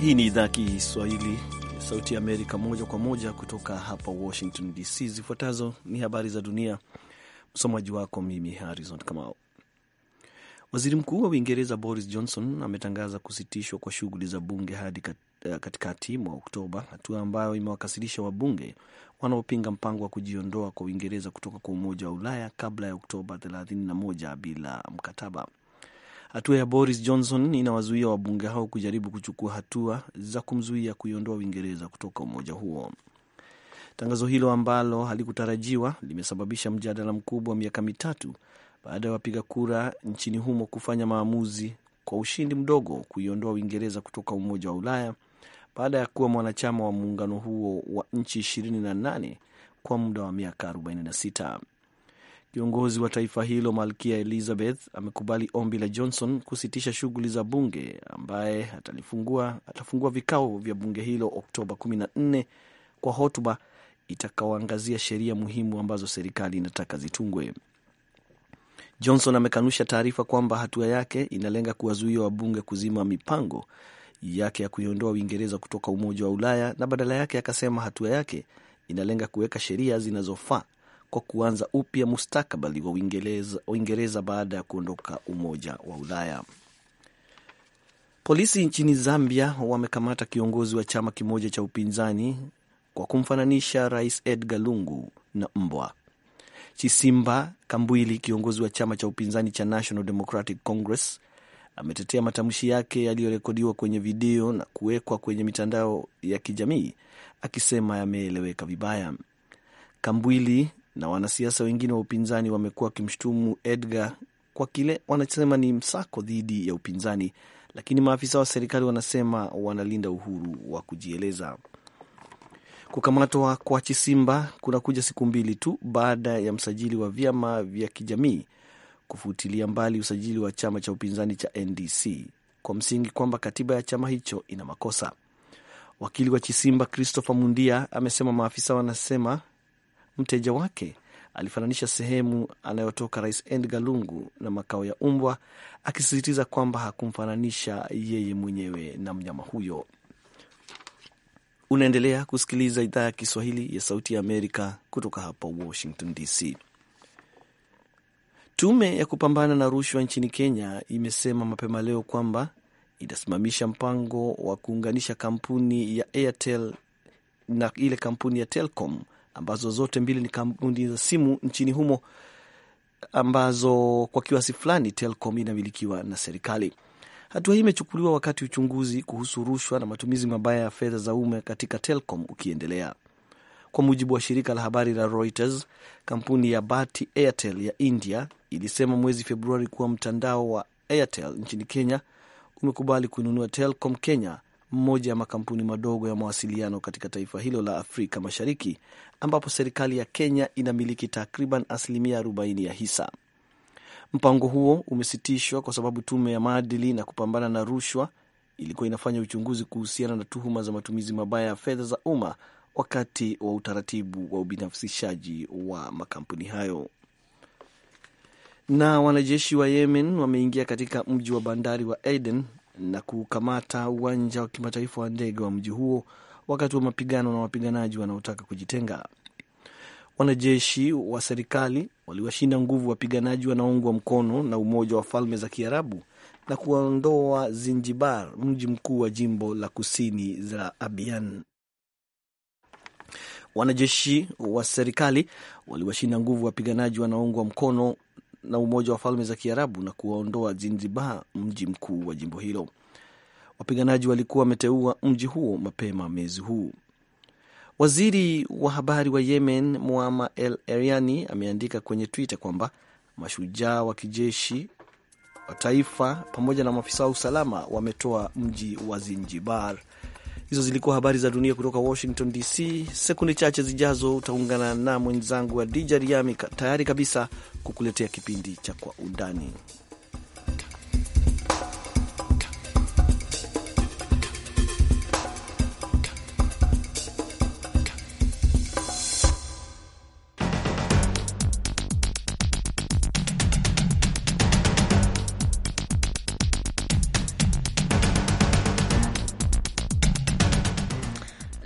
Hii ni idhaa ya Kiswahili Sauti ya Amerika, moja kwa moja kutoka hapa Washington DC. Zifuatazo ni habari za dunia, msomaji wako mimi Harrison Kamau. Waziri Mkuu wa Uingereza Boris Johnson ametangaza kusitishwa kwa shughuli za bunge hadi eh, katikati mwa Oktoba, hatua ambayo imewakasirisha wabunge wanaopinga mpango wa kujiondoa kwa Uingereza kutoka kwa Umoja wa Ulaya kabla ya Oktoba 31 bila mkataba. Hatua ya Boris Johnson inawazuia wabunge hao kujaribu kuchukua hatua za kumzuia kuiondoa Uingereza kutoka umoja huo. Tangazo hilo ambalo halikutarajiwa limesababisha mjadala mkubwa wa miaka mitatu baada ya wapiga kura nchini humo kufanya maamuzi kwa ushindi mdogo kuiondoa Uingereza kutoka umoja wa Ulaya baada ya kuwa mwanachama wa muungano huo wa nchi 28 kwa muda wa miaka 46. Kiongozi wa taifa hilo Malkia Elizabeth amekubali ombi la Johnson kusitisha shughuli za bunge ambaye atalifungua, atafungua vikao vya bunge hilo Oktoba 14 kwa hotuba itakaoangazia sheria muhimu ambazo serikali inataka zitungwe. Johnson amekanusha taarifa kwamba hatua yake inalenga kuwazuia wabunge kuzima mipango yake ya kuiondoa Uingereza kutoka Umoja wa Ulaya na badala yake akasema hatua yake inalenga kuweka sheria zinazofaa kwa kuanza upya mustakabali wa Uingereza, Uingereza baada ya kuondoka Umoja wa Ulaya. Polisi nchini Zambia wamekamata kiongozi wa chama kimoja cha upinzani kwa kumfananisha Rais Edgar Lungu na mbwa. Chisimba Kambwili, kiongozi wa chama cha upinzani cha National Democratic Congress, ametetea matamshi yake yaliyorekodiwa kwenye video na kuwekwa kwenye mitandao ya kijamii akisema yameeleweka vibaya. Kambwili na wanasiasa wengine wa upinzani wamekuwa wakimshutumu Edgar kwa kile wanasema ni msako dhidi ya upinzani, lakini maafisa wa serikali wanasema wanalinda uhuru wa kujieleza. Kukamatwa kwa Chisimba kunakuja siku mbili tu baada ya msajili wa vyama vya kijamii kufutilia mbali usajili wa chama cha upinzani cha NDC kwa msingi kwamba katiba ya chama hicho ina makosa. Wakili wa Chisimba Christopher Mundia amesema maafisa wanasema Mteja wake alifananisha sehemu anayotoka Rais Edgar Lungu na makao ya Umbwa, akisisitiza kwamba hakumfananisha yeye mwenyewe na mnyama huyo. Unaendelea kusikiliza idhaa ya Kiswahili ya Sauti ya Amerika kutoka hapa Washington DC. Tume ya kupambana na rushwa nchini Kenya imesema mapema leo kwamba itasimamisha mpango wa kuunganisha kampuni ya Airtel na ile kampuni ya Telcom ambazo zote mbili ni kampuni za simu nchini humo ambazo kwa kiasi fulani Telcom inamilikiwa na serikali. Hatua hii imechukuliwa wakati uchunguzi kuhusu rushwa na matumizi mabaya ya fedha za umma katika Telcom ukiendelea. Kwa mujibu wa shirika la habari la Reuters, kampuni ya Bharti Airtel ya India ilisema mwezi Februari kuwa mtandao wa Airtel nchini Kenya umekubali kununua Telcom Kenya mmoja ya makampuni madogo ya mawasiliano katika taifa hilo la Afrika Mashariki, ambapo serikali ya Kenya inamiliki takriban asilimia 40 ya hisa. Mpango huo umesitishwa kwa sababu tume ya maadili na kupambana na rushwa ilikuwa inafanya uchunguzi kuhusiana na tuhuma za matumizi mabaya ya fedha za umma wakati wa utaratibu wa ubinafsishaji wa makampuni hayo. Na wanajeshi wa Yemen wameingia katika mji wa bandari wa Aden na kukamata uwanja wa kimataifa wa ndege wa mji huo wakati wa mapigano na wapiganaji wanaotaka kujitenga. Wanajeshi wa serikali waliwashinda nguvu wapiganaji wanaoungwa mkono na Umoja wa Falme za Kiarabu na kuondoa Zinjibar, mji mkuu wa jimbo la kusini za Abian. Wanajeshi wa serikali waliwashinda nguvu wapiganaji wanaoungwa mkono na Umoja wa Falme za Kiarabu na kuwaondoa Zanzibar, mji mkuu wa jimbo hilo. Wapiganaji walikuwa wameteua mji huo mapema mwezi huu. Waziri wa habari wa Yemen Muama El Eriani ameandika kwenye Twitter kwamba mashujaa wa kijeshi wa taifa pamoja na maafisa wa usalama wametoa mji wa Zanzibar. Hizo zilikuwa habari za dunia kutoka Washington DC. Sekunde chache zijazo utaungana na mwenzangu wa Dija Riami tayari kabisa kukuletea kipindi cha Kwa Undani.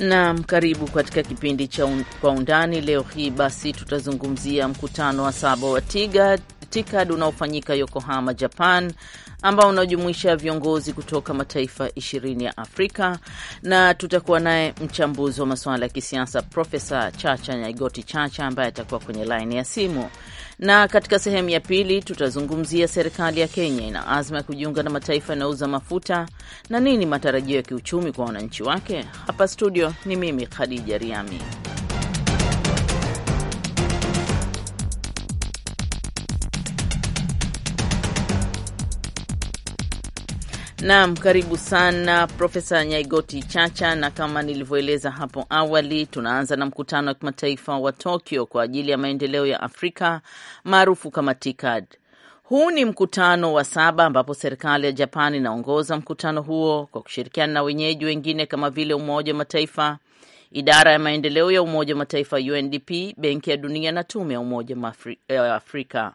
Naam, karibu katika kipindi cha un, kwa undani leo hii. Basi tutazungumzia mkutano wa saba wa tikad unaofanyika Yokohama, Japan, ambao unajumuisha viongozi kutoka mataifa ishirini ya Afrika, na tutakuwa naye mchambuzi wa masuala ya kisiasa Profesa Chacha Nyaigoti Chacha ambaye atakuwa kwenye laini ya simu na katika sehemu ya pili tutazungumzia serikali ya Kenya ina azma ya kujiunga na mataifa yanayouza mafuta na nini matarajio ya kiuchumi kwa wananchi wake. Hapa studio ni mimi Khadija Riami. Naam, karibu sana Profesa Nyaigoti Chacha, na kama nilivyoeleza hapo awali, tunaanza na mkutano wa kimataifa wa Tokyo kwa ajili ya maendeleo ya Afrika maarufu kama TICAD. Huu ni mkutano wa saba ambapo serikali ya Japan inaongoza mkutano huo kwa kushirikiana na wenyeji wengine kama vile Umoja wa Mataifa, idara ya maendeleo ya Umoja wa Mataifa UNDP, Benki ya Dunia na Tume ya Umoja wa Afrika.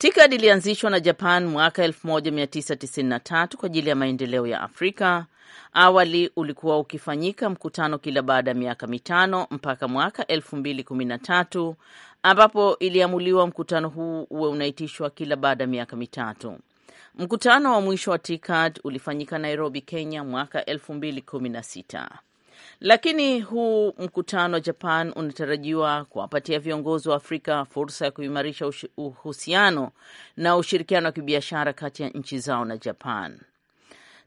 TICAD ilianzishwa na Japan mwaka 1993 kwa ajili ya maendeleo ya Afrika. Awali ulikuwa ukifanyika mkutano kila baada ya miaka mitano mpaka mwaka 2013 ambapo iliamuliwa mkutano huu uwe unaitishwa kila baada ya miaka mitatu. Mkutano wa mwisho wa TICAD ulifanyika Nairobi, Kenya mwaka 2016. Lakini huu mkutano wa Japan unatarajiwa kuwapatia viongozi wa Afrika fursa ya kuimarisha uhusiano na ushirikiano wa kibiashara kati ya nchi zao na Japan.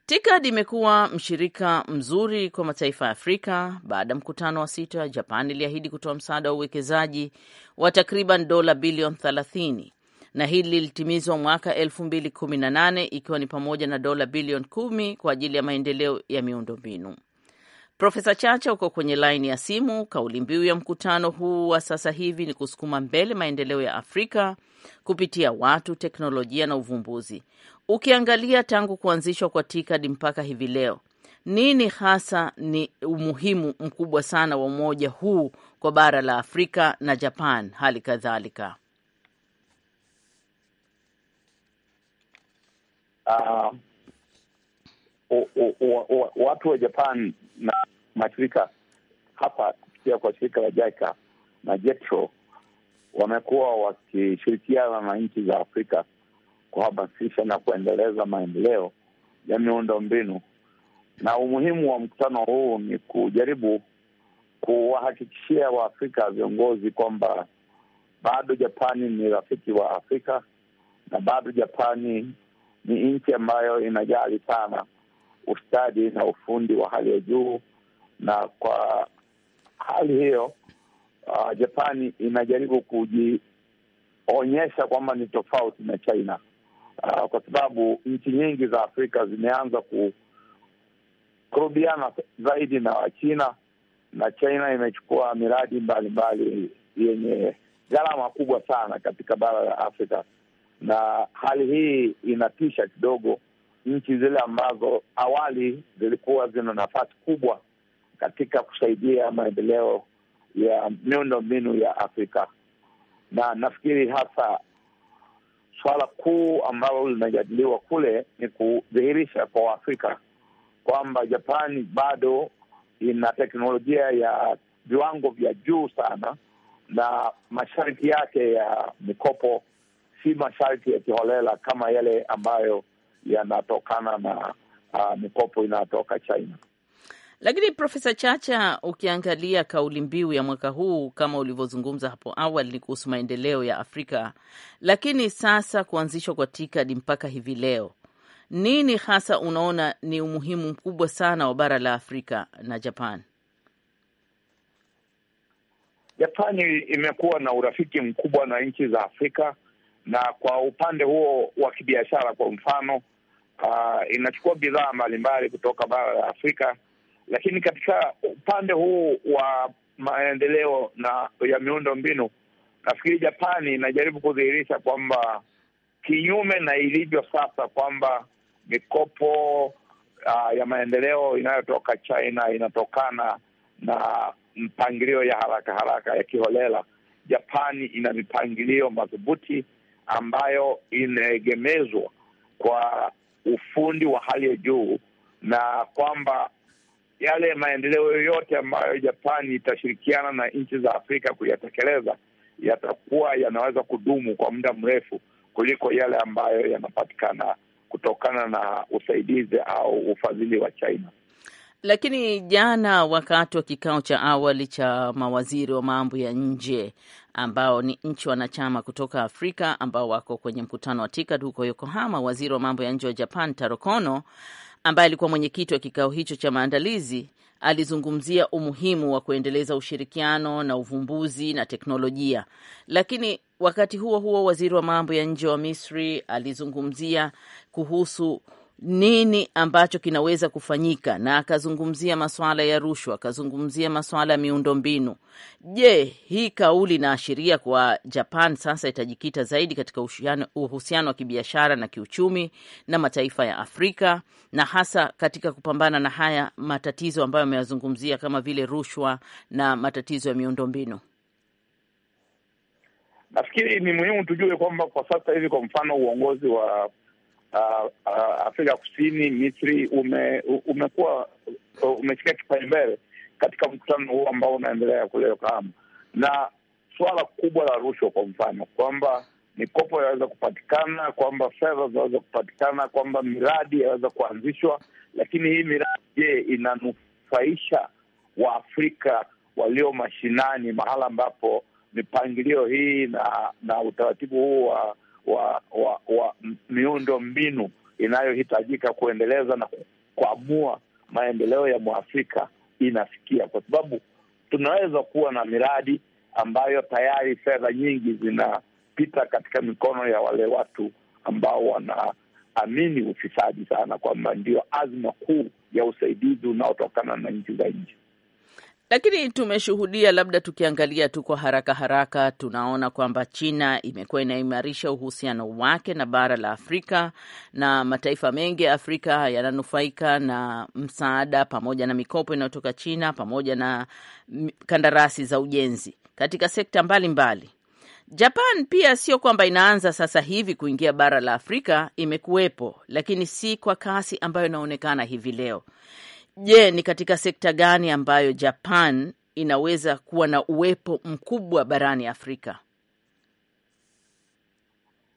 TICAD imekuwa mshirika mzuri kwa mataifa ya Afrika. Baada ya mkutano wa sita, Japan iliahidi kutoa msaada wa uwekezaji wa takriban dola bilioni thelathini na hili lilitimizwa mwaka nane ikiwa ni pamoja na dola bilioni kumi kwa ajili ya maendeleo ya miundombinu. Profesa Chacha, uko kwenye laini ya simu. Kauli mbiu ya mkutano huu wa sasa hivi ni kusukuma mbele maendeleo ya Afrika kupitia watu, teknolojia na uvumbuzi. Ukiangalia tangu kuanzishwa kwa tikadi mpaka hivi leo, nini hasa ni umuhimu mkubwa sana wa umoja huu kwa bara la Afrika na Japan hali kadhalika? um watu wa Japan na mashirika hapa kupitia kwa shirika la JICA na JETRO wamekuwa wakishirikiana na nchi za Afrika kuhamasisha na kuendeleza maendeleo ya miundo mbinu, na umuhimu wa mkutano huu ni kujaribu kuwahakikishia Waafrika viongozi kwamba bado Japani ni rafiki wa Afrika na bado Japani ni nchi ambayo inajali sana ustadi na ufundi wa hali ya juu, na kwa hali hiyo uh, Japani inajaribu kujionyesha kwamba ni tofauti na China uh, kwa sababu nchi nyingi za Afrika zimeanza kurudiana zaidi na Wachina na China imechukua miradi mbalimbali mbali yenye gharama kubwa sana katika bara la Afrika, na hali hii inatisha kidogo nchi zile ambazo awali zilikuwa zina nafasi kubwa katika kusaidia maendeleo ya miundo mbinu ya Afrika, na nafikiri hasa swala kuu ambalo linajadiliwa kule ni kudhihirisha kwa Waafrika kwamba Japani bado ina teknolojia ya viwango vya juu sana, na masharti yake ya mikopo si masharti ya kiholela kama yale ambayo yanatokana na uh, mikopo inayotoka China. Lakini Profesa Chacha, ukiangalia kauli mbiu ya mwaka huu kama ulivyozungumza hapo awali ni kuhusu maendeleo ya Afrika, lakini sasa kuanzishwa kwa TICAD mpaka hivi leo, nini hasa unaona ni umuhimu mkubwa sana wa bara la Afrika na Japan? Japani imekuwa na urafiki mkubwa na nchi za Afrika, na kwa upande huo wa kibiashara, kwa mfano uh, inachukua bidhaa mbalimbali kutoka bara la Afrika, lakini katika upande huu wa maendeleo na ya miundo mbinu, nafikiri Japani inajaribu kudhihirisha kwamba kinyume na ilivyo sasa kwamba mikopo uh, ya maendeleo inayotoka China inatokana na mpangilio ya haraka haraka ya kiholela. Japani ina mipangilio madhubuti ambayo inaegemezwa kwa ufundi wa hali ya juu, na kwamba yale maendeleo yoyote ambayo Japani itashirikiana na nchi za Afrika kuyatekeleza yatakuwa yanaweza kudumu kwa muda mrefu kuliko yale ambayo yanapatikana kutokana na usaidizi au ufadhili wa China. Lakini jana wakati wa kikao cha awali cha mawaziri wa mambo ya nje ambao ni nchi wanachama kutoka Afrika ambao wako kwenye mkutano wa TIKAD huko Yokohama, waziri wa mambo ya nje wa Japan Taro Kono, ambaye alikuwa mwenyekiti wa kikao hicho cha maandalizi, alizungumzia umuhimu wa kuendeleza ushirikiano na uvumbuzi na teknolojia. Lakini wakati huo huo, waziri wa mambo ya nje wa Misri alizungumzia kuhusu nini ambacho kinaweza kufanyika, na akazungumzia masuala ya rushwa, akazungumzia masuala ya miundombinu. Je, hii kauli inaashiria kwa Japan sasa itajikita zaidi katika uhusiano wa kibiashara na kiuchumi na mataifa ya Afrika na hasa katika kupambana na haya matatizo ambayo ameyazungumzia kama vile rushwa na matatizo ya miundombinu? Nafikiri ni muhimu tujue kwamba kwa sasa hivi, kwa mfano, uongozi wa uh, uh, Afrika Kusini, Misri ume, umekuwa uh, umefika kipaumbele katika mkutano huu ambao unaendelea kule Yokohama, na suala kubwa la rushwa, kwa mfano kwamba mikopo yaweza kupatikana, kwamba fedha zinaweza kupatikana, kwamba miradi yaweza kuanzishwa. Lakini hii miradi, je, inanufaisha Waafrika walio mashinani, mahala ambapo mipangilio hii na na utaratibu huu wa wa, wa, wa miundo mbinu inayohitajika kuendeleza na kukwamua maendeleo ya Mwafrika inafikia, kwa sababu tunaweza kuwa na miradi ambayo tayari fedha nyingi zinapita katika mikono ya wale watu ambao wanaamini ufisadi sana, kwamba ndio azma kuu ya usaidizi unaotokana na nchi za nje. Lakini tumeshuhudia, labda tukiangalia tu kwa haraka haraka, tunaona kwamba China imekuwa inaimarisha uhusiano wake na bara la Afrika na mataifa mengi ya Afrika yananufaika na msaada pamoja na mikopo inayotoka China pamoja na kandarasi za ujenzi katika sekta mbalimbali mbali. Japan pia sio kwamba inaanza sasa hivi kuingia bara la Afrika, imekuwepo lakini si kwa kasi ambayo inaonekana hivi leo. Je, ni katika sekta gani ambayo Japan inaweza kuwa na uwepo mkubwa barani Afrika?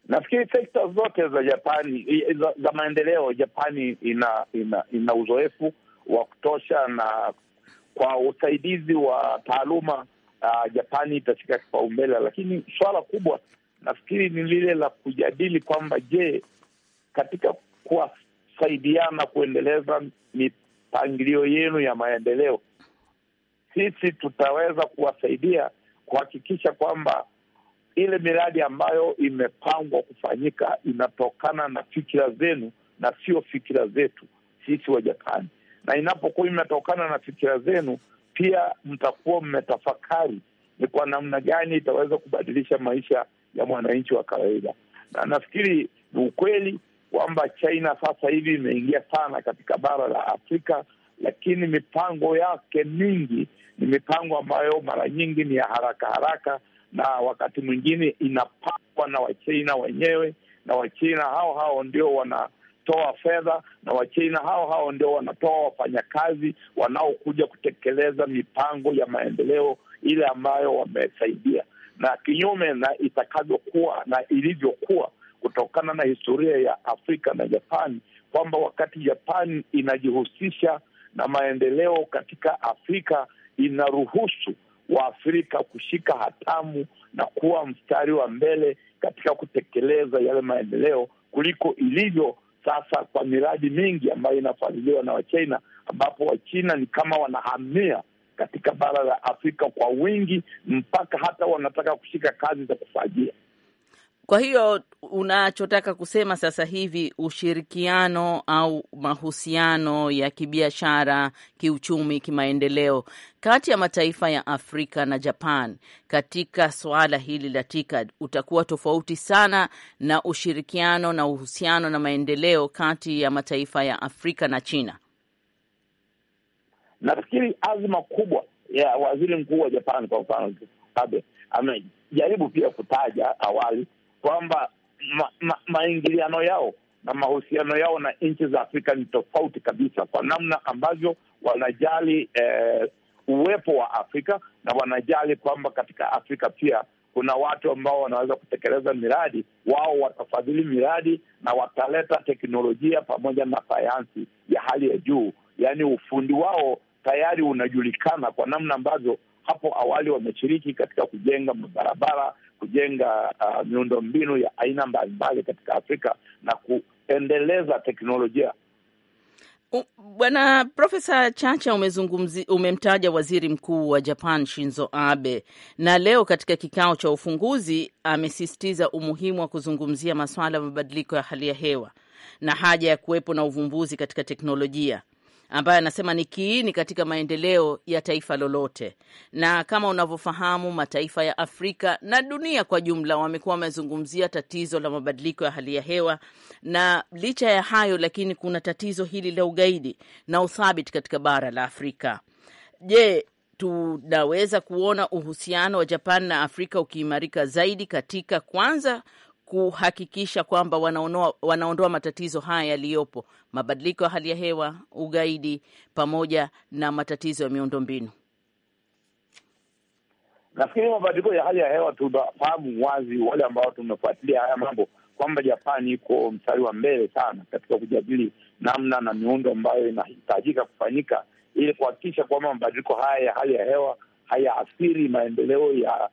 Nafikiri sekta zote za Japani za, za maendeleo. Japani ina ina, ina uzoefu wa kutosha, na kwa usaidizi wa taaluma uh, Japani itashika kipaumbele, lakini suala kubwa nafikiri ni lile la kujadili kwamba je, katika kuwasaidiana kuendeleza mipangilio yenu ya maendeleo, sisi tutaweza kuwasaidia kuhakikisha kwamba ile miradi ambayo imepangwa kufanyika inatokana na fikira zenu na sio fikira zetu sisi wa Japani, na inapokuwa imetokana na fikira zenu, pia mtakuwa mmetafakari ni kwa namna gani itaweza kubadilisha maisha ya mwananchi wa kawaida. Na nafikiri ni ukweli kwamba China sasa hivi imeingia sana katika bara la Afrika, lakini mipango yake mingi ni mipango ambayo mara nyingi ni ya haraka haraka, na wakati mwingine inapangwa na Wachina wenyewe, na Wachina hao hao ndio wanatoa fedha, na Wachina hao hao ndio wanatoa wafanyakazi wanaokuja kutekeleza mipango ya maendeleo ile ambayo wamesaidia, na kinyume na itakavyokuwa na ilivyokuwa kutokana na historia ya Afrika na Japani kwamba wakati Japani inajihusisha na maendeleo katika Afrika inaruhusu Waafrika kushika hatamu na kuwa mstari wa mbele katika kutekeleza yale maendeleo kuliko ilivyo sasa kwa miradi mingi ambayo inafadhiliwa na Wachina, ambapo Wachina ni kama wanahamia katika bara la Afrika kwa wingi, mpaka hata wanataka kushika kazi za kufajia. Kwa hiyo unachotaka kusema sasa hivi ushirikiano au mahusiano ya kibiashara, kiuchumi, kimaendeleo kati ya mataifa ya Afrika na Japan katika suala hili la TICAD utakuwa tofauti sana na ushirikiano na uhusiano na maendeleo kati ya mataifa ya Afrika na China. Nafikiri azma kubwa ya waziri mkuu wa Japan kwa mfano Abe amejaribu pia kutaja awali kwamba ma, ma, maingiliano yao na mahusiano yao na nchi za Afrika ni tofauti kabisa kwa namna ambavyo wanajali eh, uwepo wa Afrika na wanajali kwamba katika Afrika pia kuna watu ambao wanaweza kutekeleza miradi, wao watafadhili miradi na wataleta teknolojia pamoja na sayansi ya hali ya juu. Yaani ufundi wao tayari unajulikana kwa namna ambavyo hapo awali wameshiriki katika kujenga mabarabara, kujenga uh, miundo mbinu ya aina mbalimbali katika Afrika na kuendeleza teknolojia. Bwana Profesa Chacha, umezungumzi, umemtaja waziri mkuu wa Japan Shinzo Abe, na leo katika kikao cha ufunguzi amesisitiza umuhimu wa kuzungumzia masuala ya mabadiliko ya hali ya hewa na haja ya kuwepo na uvumbuzi katika teknolojia ambaye anasema ni kiini katika maendeleo ya taifa lolote. Na kama unavyofahamu, mataifa ya Afrika na dunia kwa jumla wamekuwa wamezungumzia tatizo la mabadiliko ya hali ya hewa, na licha ya hayo, lakini kuna tatizo hili la ugaidi na uthabiti katika bara la Afrika. Je, tunaweza kuona uhusiano wa Japan na Afrika ukiimarika zaidi katika kwanza kuhakikisha kwamba wanaondoa matatizo haya yaliyopo, mabadiliko ya hali ya hewa, ugaidi, pamoja na matatizo ya miundombinu? Nafikiri mabadiliko ya hali ya hewa tunafahamu wazi, wale ambao tumefuatilia haya mambo kwamba Japani iko mstari wa mbele sana katika kujadili namna na miundo ambayo inahitajika kufanyika ili kuhakikisha kwamba mabadiliko haya ya hali ya hewa hayaathiri maendeleo ya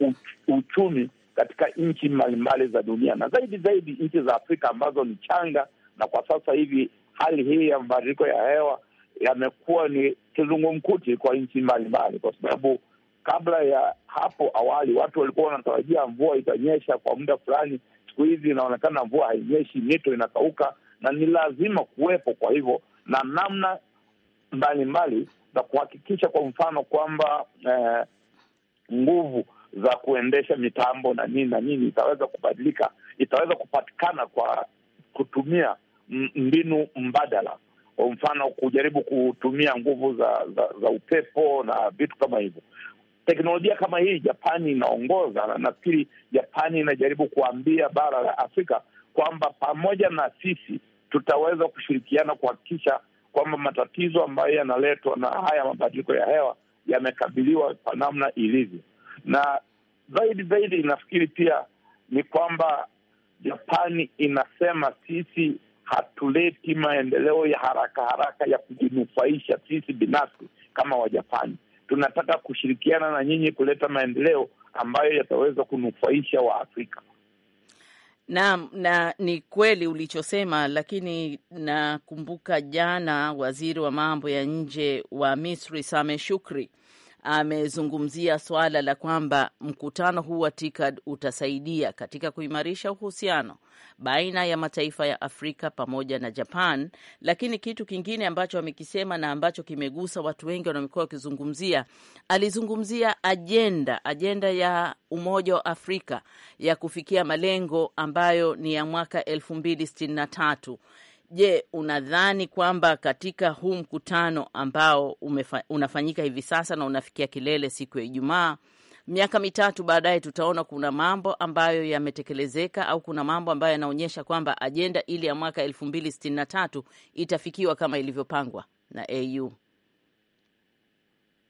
uh, uchumi katika nchi mbalimbali za dunia na zaidi zaidi nchi za Afrika ambazo ni changa, na kwa sasa hivi hali hii ya mabadiliko ya hewa yamekuwa ni kizungumkuti kwa nchi mbalimbali, kwa sababu kabla ya hapo awali watu walikuwa wanatarajia mvua itanyesha kwa muda fulani. Siku hizi inaonekana mvua hainyeshi, mito inakauka, na ni lazima kuwepo kwa hivyo na namna mbalimbali za kuhakikisha, kwa mfano kwamba eh, nguvu za kuendesha mitambo na nini na nini itaweza kubadilika, itaweza kupatikana kwa kutumia mbinu mbadala, kwa mfano kujaribu kutumia nguvu za, za, za upepo na vitu kama hivyo. Teknolojia kama hii Japani inaongoza, na nafikiri Japani inajaribu kuambia bara la Afrika kwamba pamoja na sisi tutaweza kushirikiana kuhakikisha kwamba matatizo ambayo yanaletwa na haya mabadiliko ya hewa yamekabiliwa kwa namna ilivyo na zaidi zaidi, nafikiri pia ni kwamba Japani inasema sisi hatuleti maendeleo ya haraka haraka ya kujinufaisha sisi binafsi kama Wajapani. Tunataka kushirikiana na nyinyi kuleta maendeleo ambayo yataweza kunufaisha Waafrika. Naam, na ni kweli ulichosema, lakini nakumbuka jana waziri wa mambo ya nje wa Misri same Shukri amezungumzia swala la kwamba mkutano huu wa TIKAD utasaidia katika kuimarisha uhusiano baina ya mataifa ya Afrika pamoja na Japan. Lakini kitu kingine ambacho amekisema na ambacho kimegusa watu wengi wanamekuwa wakizungumzia, alizungumzia ajenda ajenda ya Umoja wa Afrika ya kufikia malengo ambayo ni ya mwaka elfu mbili sitini na tatu Je, unadhani kwamba katika huu mkutano ambao umefa, unafanyika hivi sasa na unafikia kilele siku ya Ijumaa, miaka mitatu baadaye tutaona kuna mambo ambayo yametekelezeka au kuna mambo ambayo yanaonyesha kwamba ajenda ile ya mwaka elfu mbili sitini na tatu itafikiwa kama ilivyopangwa na AU?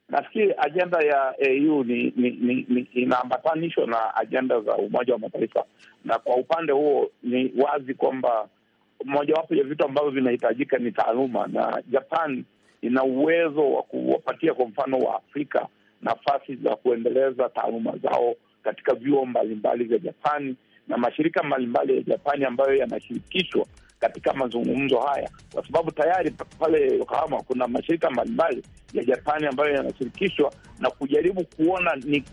Nafikiri ajenda ya AU ni, ni, ni, ni inaambatanishwa na ajenda za Umoja wa Mataifa, na kwa upande huo ni wazi kwamba mojawapo ya vitu ambavyo vinahitajika ni taaluma, na Japan ina uwezo wa kuwapatia kwa mfano wa Afrika nafasi za kuendeleza taaluma zao katika vyuo mbalimbali vya Japani na mashirika mbalimbali ya Japani ambayo yanashirikishwa katika mazungumzo haya, kwa sababu tayari pale Yokohama kuna mashirika mbalimbali ya Japani ambayo yanashirikishwa na kujaribu kuona ni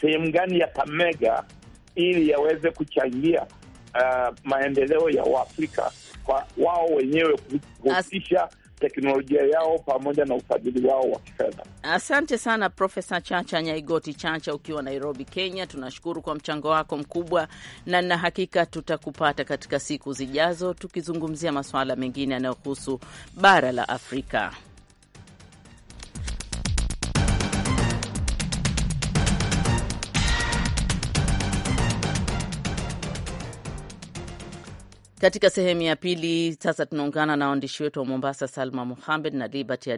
sehemu gani ya pamega ili yaweze kuchangia uh, maendeleo ya Waafrika kwa wao wenyewe kuhusisha teknolojia yao pamoja na ufadhili wao wa kifedha. Asante sana Profesa Chacha Nyaigoti Chacha ukiwa Nairobi, Kenya. Tunashukuru kwa mchango wako mkubwa, na na hakika tutakupata katika siku zijazo tukizungumzia masuala mengine yanayohusu bara la Afrika. Katika sehemu ya pili sasa tunaungana na waandishi wetu wa Mombasa, Salma Muhamed na Libert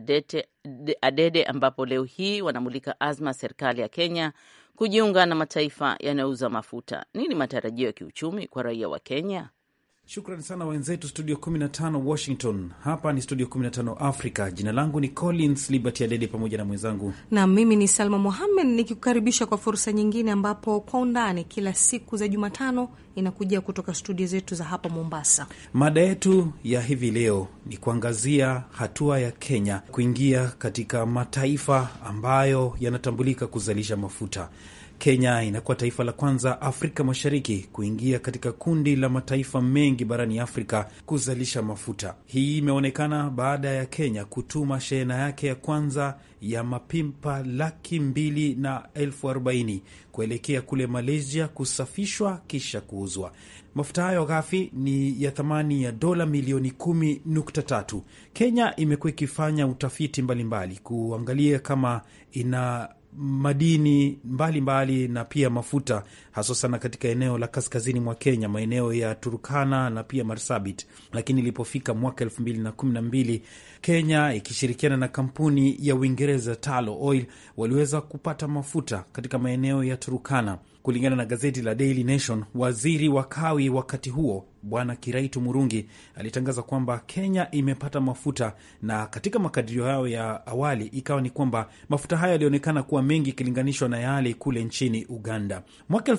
Adede, ambapo leo hii wanamulika azma ya serikali ya Kenya kujiunga na mataifa yanayouza mafuta. Nini matarajio ya kiuchumi kwa raia wa Kenya? Shukran sana wenzetu studio 15 Washington. Hapa ni studio 15 Africa. Jina langu ni Collins Liberty Adede pamoja na mwenzangu na mimi ni Salma Mohamed nikikukaribisha kwa fursa nyingine, ambapo kwa undani kila siku za Jumatano inakujia kutoka studio zetu za hapa Mombasa. Mada yetu ya hivi leo ni kuangazia hatua ya Kenya kuingia katika mataifa ambayo yanatambulika kuzalisha mafuta Kenya inakuwa taifa la kwanza Afrika Mashariki kuingia katika kundi la mataifa mengi barani Afrika kuzalisha mafuta. Hii imeonekana baada ya Kenya kutuma shehena yake ya kwanza ya mapimpa laki mbili na elfu arobaini kuelekea kule Malaysia kusafishwa kisha kuuzwa. Mafuta hayo ghafi ni ya thamani ya dola milioni kumi nukta tatu. Kenya imekuwa ikifanya utafiti mbalimbali mbali, kuangalia kama ina madini mbalimbali mbali na pia mafuta haswa sana katika eneo la kaskazini mwa Kenya, maeneo ya Turkana na pia Marsabit. Lakini ilipofika mwaka elfu mbili na kumi na mbili Kenya ikishirikiana na kampuni ya Uingereza Talo Oil waliweza kupata mafuta katika maeneo ya Turkana. Kulingana na gazeti la Daily Nation, waziri wa kawi wakati huo Bwana Kiraitu Murungi alitangaza kwamba Kenya imepata mafuta, na katika makadirio hayo ya awali ikawa ni kwamba mafuta hayo yalionekana kuwa mengi ikilinganishwa na yale kule nchini Uganda. Mwaka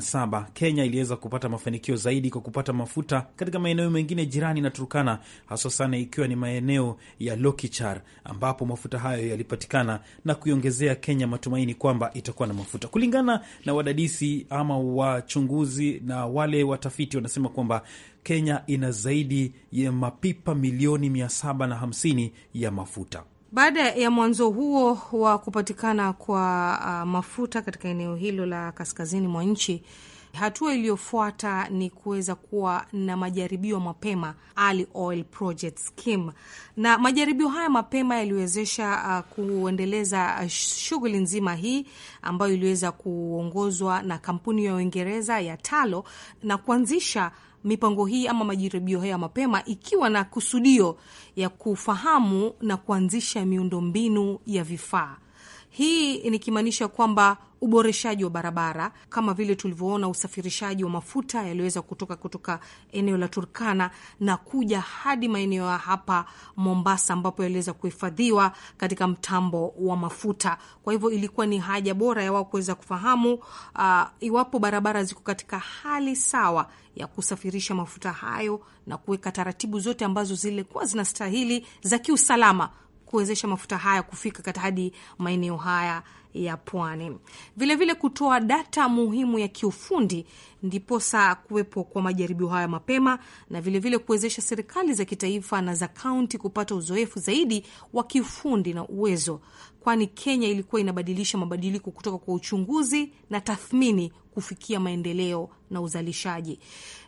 saba Kenya iliweza kupata mafanikio zaidi kwa kupata mafuta katika maeneo mengine jirani na Turkana, haswa sana ikiwa ni maeneo ya Lokichar ambapo mafuta hayo yalipatikana na kuiongezea Kenya matumaini kwamba itakuwa na mafuta. Kulingana na wadadisi ama wachunguzi na wale watafiti wanasema kwamba Kenya ina zaidi ya mapipa milioni 750 ya mafuta. Baada ya mwanzo huo wa kupatikana kwa uh, mafuta katika eneo hilo la kaskazini mwa nchi Hatua iliyofuata ni kuweza kuwa na majaribio mapema, early oil project scheme, na majaribio haya mapema yaliwezesha uh, kuendeleza uh, shughuli nzima hii ambayo iliweza kuongozwa na kampuni ya Uingereza ya Talo na kuanzisha mipango hii ama majaribio haya mapema ikiwa na kusudio ya kufahamu na kuanzisha miundombinu ya vifaa hii nikimaanisha kwamba uboreshaji wa barabara kama vile tulivyoona usafirishaji wa mafuta yaliyoweza kutoka kutoka eneo la Turkana na kuja hadi maeneo ya hapa Mombasa, ambapo yaliweza kuhifadhiwa katika mtambo wa mafuta. Kwa hivyo ilikuwa ni haja bora ya wao kuweza kufahamu uh, iwapo barabara ziko katika hali sawa ya kusafirisha mafuta hayo na kuweka taratibu zote ambazo zilikuwa zinastahili za kiusalama kuwezesha mafuta haya kufika hadi maeneo haya ya pwani, vilevile kutoa data muhimu ya kiufundi ndiposa kuwepo kwa majaribio haya mapema, na vilevile kuwezesha serikali za kitaifa na za kaunti kupata uzoefu zaidi wa kiufundi na uwezo kwani Kenya ilikuwa inabadilisha mabadiliko kutoka kwa uchunguzi na tathmini kufikia maendeleo na uzalishaji,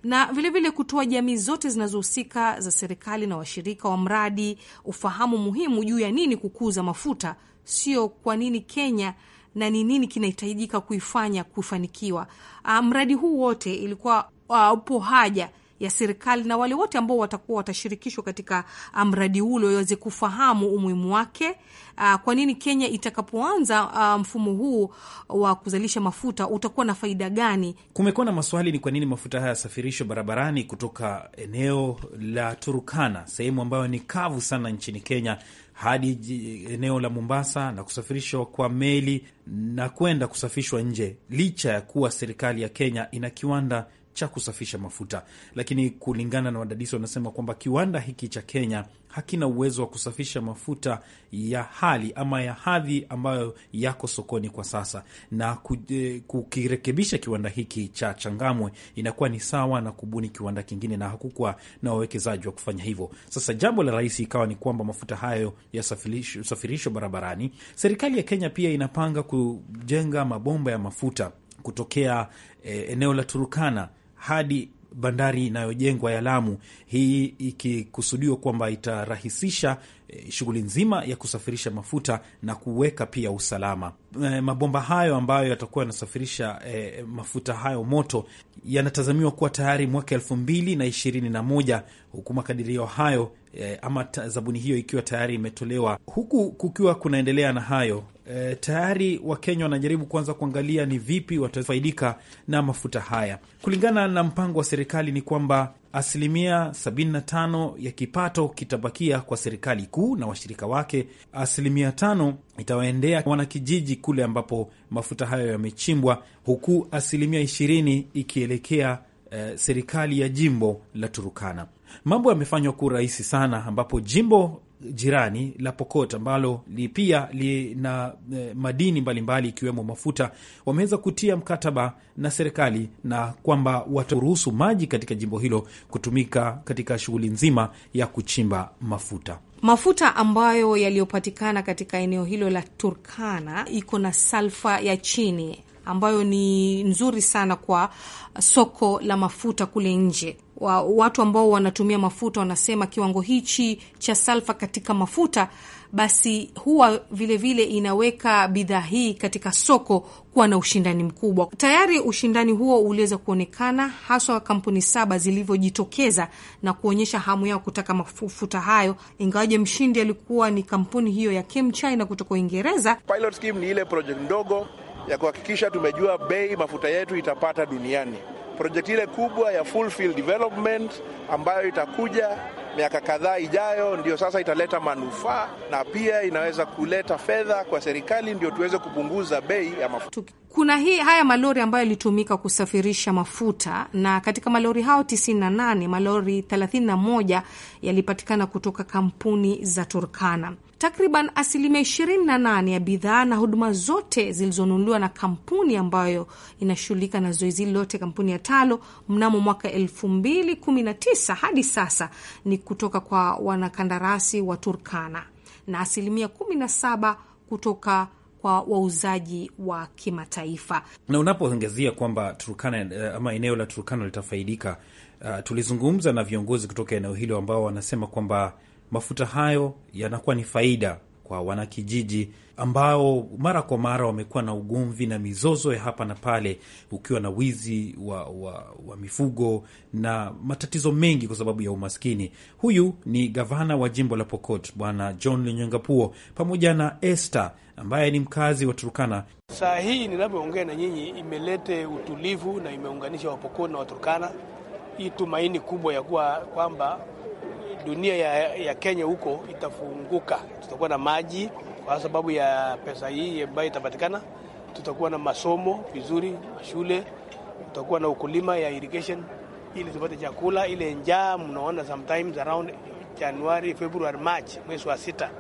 na vilevile kutoa jamii zote zinazohusika za serikali na washirika wa mradi ufahamu muhimu juu ya nini kukuza mafuta, sio kwa nini Kenya na ni nini kinahitajika kuifanya kufanikiwa. Ah, mradi huu wote ilikuwa ah, upo haja ya serikali na wale wote ambao watakuwa watashirikishwa katika uh, mradi ule waweze kufahamu umuhimu wake. Uh, kwa nini Kenya itakapoanza uh, mfumo huu wa kuzalisha mafuta utakuwa na faida gani? Kumekuwa na maswali, ni kwa nini mafuta haya yasafirishwe barabarani kutoka eneo la Turukana, sehemu ambayo ni kavu sana nchini Kenya hadi eneo la Mombasa na kusafirishwa kwa meli na kwenda kusafishwa nje, licha ya kuwa serikali ya Kenya ina kiwanda cha kusafisha mafuta, lakini kulingana na wadadisi wanasema kwamba kiwanda hiki cha Kenya hakina uwezo wa kusafisha mafuta ya hali ama ya hadhi ambayo yako sokoni kwa sasa, na e, kukirekebisha kiwanda hiki cha Changamwe inakuwa ni sawa na kubuni kiwanda kingine, na hakukuwa na wawekezaji wa kufanya hivyo. Sasa jambo la rahisi ikawa ni kwamba mafuta hayo yasafirishwe barabarani. Serikali ya Kenya pia inapanga kujenga mabomba ya mafuta kutokea e, eneo la Turukana hadi bandari inayojengwa ya Lamu, hii ikikusudiwa kwamba itarahisisha eh, shughuli nzima ya kusafirisha mafuta na kuweka pia usalama. E, mabomba hayo ambayo yatakuwa yanasafirisha e, mafuta hayo moto yanatazamiwa kuwa tayari mwaka elfu mbili na ishirini na moja huku makadirio hayo e, ama zabuni hiyo ikiwa tayari imetolewa, huku kukiwa kunaendelea na hayo Eh, tayari Wakenya wanajaribu kuanza kuangalia ni vipi watafaidika na mafuta haya. Kulingana na mpango wa serikali ni kwamba asilimia 75 ya kipato kitabakia kwa serikali kuu na washirika wake, asilimia tano itawaendea wanakijiji kule ambapo mafuta hayo yamechimbwa, huku asilimia 20 ikielekea e, serikali ya jimbo la Turukana. Mambo yamefanywa kuwa rahisi sana, ambapo jimbo jirani la Pokot ambalo li pia lina eh, madini mbalimbali ikiwemo mbali mafuta, wameweza kutia mkataba na serikali na kwamba wataruhusu maji katika jimbo hilo kutumika katika shughuli nzima ya kuchimba mafuta. Mafuta ambayo yaliyopatikana katika eneo hilo la Turkana iko na salfa ya chini ambayo ni nzuri sana kwa soko la mafuta kule nje wa, watu ambao wanatumia mafuta wanasema kiwango hichi cha salfa katika mafuta basi huwa vilevile vile inaweka bidhaa hii katika soko kuwa na ushindani mkubwa. Tayari ushindani huo uliweza kuonekana haswa kampuni saba zilivyojitokeza na kuonyesha hamu yao kutaka mafuta hayo, ingawaje mshindi alikuwa ni kampuni hiyo ya ChemChina kutoka Uingereza. Pilot scheme ni ile project ndogo ya kuhakikisha tumejua bei mafuta yetu itapata duniani projekti ile kubwa ya full field development ambayo itakuja miaka kadhaa ijayo, ndio sasa italeta manufaa na pia inaweza kuleta fedha kwa serikali, ndio tuweze kupunguza bei ya mafuta. Kuna hii haya malori ambayo yalitumika kusafirisha mafuta, na katika malori hao 98 malori 31 yalipatikana kutoka kampuni za Turkana takriban asilimia 28 ya bidhaa na huduma zote zilizonunuliwa na kampuni ambayo inashughulika na zoezi hili lote, kampuni ya Talo mnamo mwaka 2019 hadi sasa ni kutoka kwa wanakandarasi wa Turkana na asilimia 17 kutoka kwa wauzaji wa kimataifa. Na unapoongezia kwamba Turkana eh, ama eneo la Turkana litafaidika, uh, tulizungumza na viongozi kutoka eneo hilo ambao wanasema kwamba mafuta hayo yanakuwa ni faida kwa wanakijiji ambao mara kwa mara wamekuwa na ugomvi na mizozo ya hapa na pale, ukiwa na wizi wa, wa, wa mifugo na matatizo mengi kwa sababu ya umaskini. Huyu ni gavana wa jimbo la Pokot, Bwana John Lenyengapuo, pamoja na Esther ambaye ni mkazi wa turukana Saa hii ninavyoongea na nyinyi, imelete utulivu na imeunganisha Wapokot na Waturukana, hii tumaini kubwa ya kuwa kwamba dunia ya, ya Kenya huko itafunguka. Tutakuwa na maji kwa sababu ya pesa hii ambayo itapatikana. Tutakuwa na masomo vizuri, mashule, tutakuwa na ukulima ya irrigation ili tupate chakula. Ile njaa mnaona sometimes around January, February, March, mwezi wa sita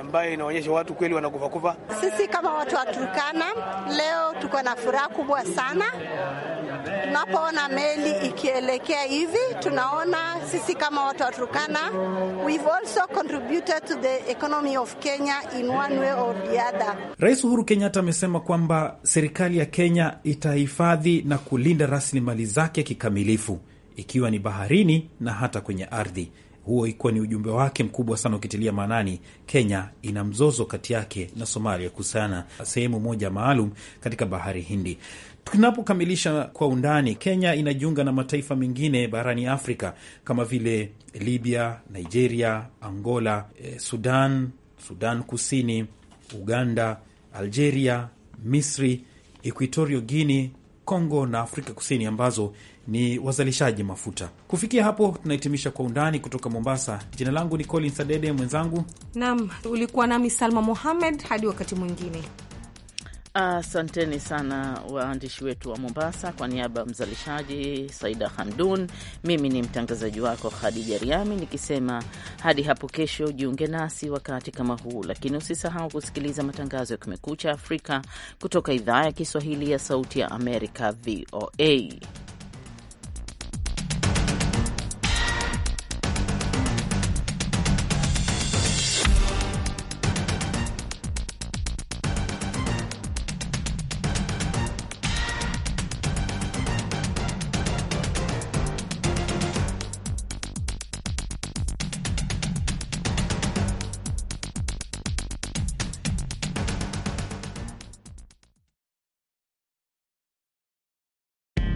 ambayo inaonyesha watu kweli wanakufa kufa. Sisi kama watu wa Turkana leo tuko na furaha kubwa sana tunapoona meli ikielekea hivi, tunaona sisi kama watu wa Turkana we've also contributed to the economy of Kenya in one way or the other. Rais Uhuru Kenyatta amesema kwamba serikali ya Kenya itahifadhi na kulinda rasilimali zake kikamilifu, ikiwa ni baharini na hata kwenye ardhi. Huo ikuwa ni ujumbe wake mkubwa sana, ukitilia maanani Kenya ina mzozo kati yake na Somalia kuhusiana sehemu moja maalum katika bahari Hindi. Tunapokamilisha kwa undani, Kenya inajiunga na mataifa mengine barani Afrika kama vile Libya, Nigeria, Angola, eh, Sudan, Sudan Kusini, Uganda, Algeria, Misri, Equatorio Guini, congo na Afrika Kusini ambazo ni wazalishaji mafuta. Kufikia hapo, tunahitimisha Kwa Undani kutoka Mombasa. Jina langu ni Colin Sadede, mwenzangu nam ulikuwa nami Salma Mohamed. Hadi wakati mwingine. Asanteni sana waandishi wetu wa Mombasa. Kwa niaba ya mzalishaji Saida Hamdun, mimi ni mtangazaji wako Khadija Riami nikisema hadi hapo kesho, jiunge nasi wakati kama huu, lakini usisahau kusikiliza matangazo ya Kumekucha Afrika kutoka idhaa ya Kiswahili ya Sauti ya Amerika, VOA.